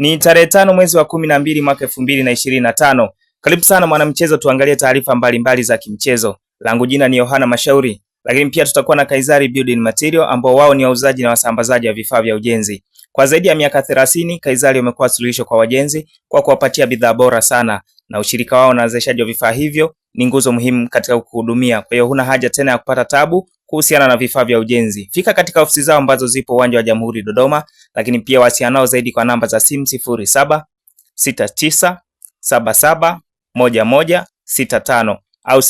Ni tarehe tano mwezi wa kumi na mbili mwaka elfu mbili na ishirini na tano. Karibu sana mwanamchezo, tuangalie taarifa mbalimbali za kimchezo. Langu jina ni Yohana Mashauri, lakini pia tutakuwa na Kaizari Building Material ambao wao ni wauzaji na wasambazaji wa vifaa vya ujenzi. Kwa zaidi ya miaka thelathini, Kaizari wamekuwa suluhisho kwa wajenzi kwa kuwapatia bidhaa bora sana, na ushirika wao na wawezeshaji wa vifaa hivyo ni nguzo muhimu katika kuhudumia. Kwa hiyo huna haja tena ya kupata tabu kuhusiana na vifaa vya ujenzi. Fika katika ofisi zao ambazo zipo uwanja wa Jamhuri Dodoma, lakini pia wasianao nao zaidi kwa namba za simu 07 69 77 11 65 au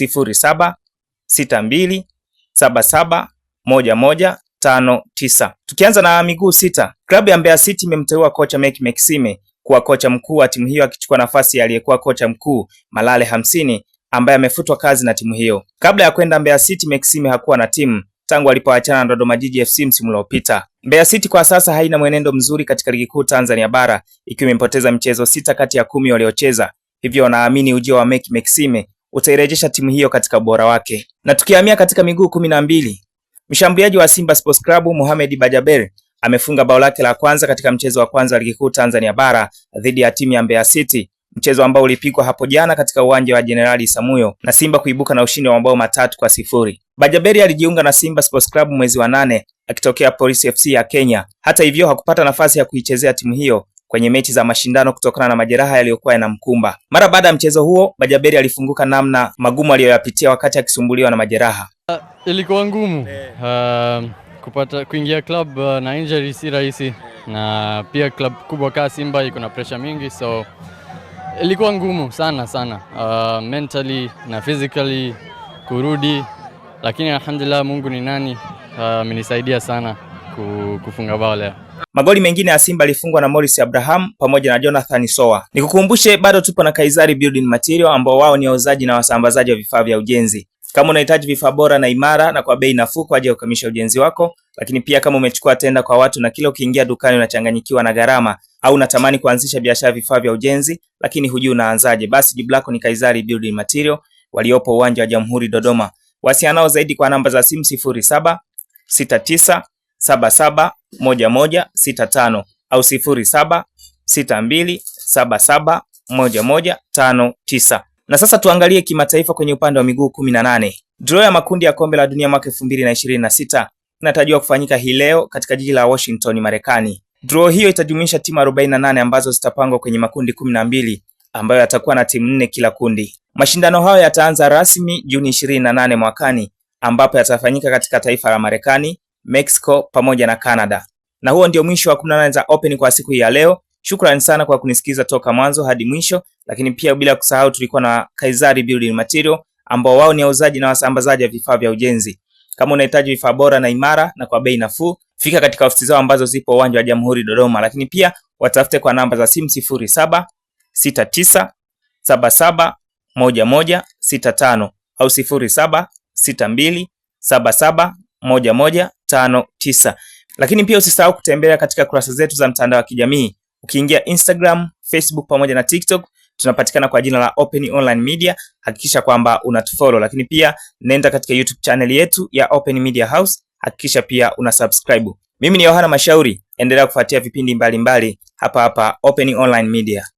saba saba moja moja tano tisa. Tukianza na miguu sita, klabu ya Mbeya City imemteua kocha Meck Maxime kuwa kocha mkuu wa timu hiyo akichukua nafasi aliyekuwa kocha mkuu Malale hamsini ambaye amefutwa kazi na timu hiyo. Kabla ya kwenda Mbeya City, Maxime hakuwa na timu tangu alipoachana na Dodoma Jiji FC msimu uliopita. Mbeya City kwa sasa haina mwenendo mzuri katika ligi kuu Tanzania bara ikiwa imepoteza mchezo sita kati ya kumi waliocheza, hivyo wanaamini ujio wa Meck Maxime utairejesha timu hiyo katika ubora wake. Na tukihamia katika miguu kumi na mbili, mshambuliaji wa Simba Sports Club Mohamed Bajaber amefunga bao lake la kwanza katika mchezo wa kwanza wa ligi kuu Tanzania bara dhidi ya timu ya Mbeya City mchezo ambao ulipigwa hapo jana katika uwanja wa Jenerali Samuyo na Simba kuibuka na ushindi wa mabao matatu kwa sifuri. Bajaberi alijiunga na Simba Sports Club mwezi wa nane akitokea Police FC ya Kenya. Hata hivyo, hakupata nafasi ya kuichezea timu hiyo kwenye mechi za mashindano kutokana na majeraha yaliyokuwa yanamkumba. Mara baada ya mchezo huo, Bajaberi alifunguka namna magumu aliyoyapitia wakati akisumbuliwa na majeraha. Uh, ilikuwa ngumu uh, kupata kuingia club uh, na injury si rahisi, na pia club kubwa kama Simba iko na pressure mingi so ilikuwa ngumu sana sana, uh, mentally na physically kurudi, lakini alhamdulillah, Mungu ni nani uh, amenisaidia uh, sana kufunga bao leo. Magoli mengine ya Simba alifungwa na Morris Abraham pamoja na Jonathan Soa. Nikukumbushe bado tupo na Kaizari Building Material ambao wao ni wauzaji na wasambazaji wa vifaa vya ujenzi. Kama unahitaji vifaa bora na imara na kwa bei nafuu kwa ajili ya kukamilisha ujenzi wako, lakini pia kama umechukua tenda kwa watu na kila ukiingia dukani unachanganyikiwa na gharama, au unatamani kuanzisha biashara vifaa vya ujenzi lakini hujui unaanzaje, basi jibu lako ni Kaizari Building Material waliopo uwanja wa Jamhuri Dodoma. Wasianao zaidi kwa namba za simu saba saba moja moja sita tano au sifuri saba saba saba sita mbili moja moja tano tisa. Na sasa tuangalie kimataifa kwenye upande wa miguu nane. Draw ya makundi ya kombe la dunia mwaka sita inatarajiwa kufanyika hii leo katika jiji la Washington, Marekani. Draw hiyo itajumuisha timu 48 ambazo zitapangwa kwenye makundi 12 ambayo yatakuwa na timu nne kila kundi. Mashindano hayo yataanza rasmi Juni 28 mwakani, ambapo yatafanyika katika taifa la Marekani, Mexico pamoja na Canada. Na huo ndio mwisho wa 18 za Open kwa siku hii ya leo. Shukrani sana kwa kunisikiza toka mwanzo hadi mwisho, lakini pia bila kusahau tulikuwa na Kaizari Building Material ambao wao ni wauzaji na wasambazaji wa vifaa vya ujenzi. Kama unahitaji vifaa bora na imara na kwa bei nafuu, fika katika ofisi zao ambazo zipo uwanja wa Jamhuri Dodoma, lakini pia watafute kwa namba za simu 07 69 77 11 65 au 07 62 77 11 59. Lakini pia usisahau kutembelea katika kurasa zetu za mtandao wa kijamii ukiingia Instagram, Facebook pamoja na TikTok tunapatikana kwa jina la Open Online Media. Hakikisha kwamba unatufollow, lakini pia nenda katika YouTube channel yetu ya Open Media House, hakikisha pia una subscribe. Mimi ni Yohana Mashauri, endelea kufuatia vipindi mbalimbali mbali, hapa hapa Open Online Media.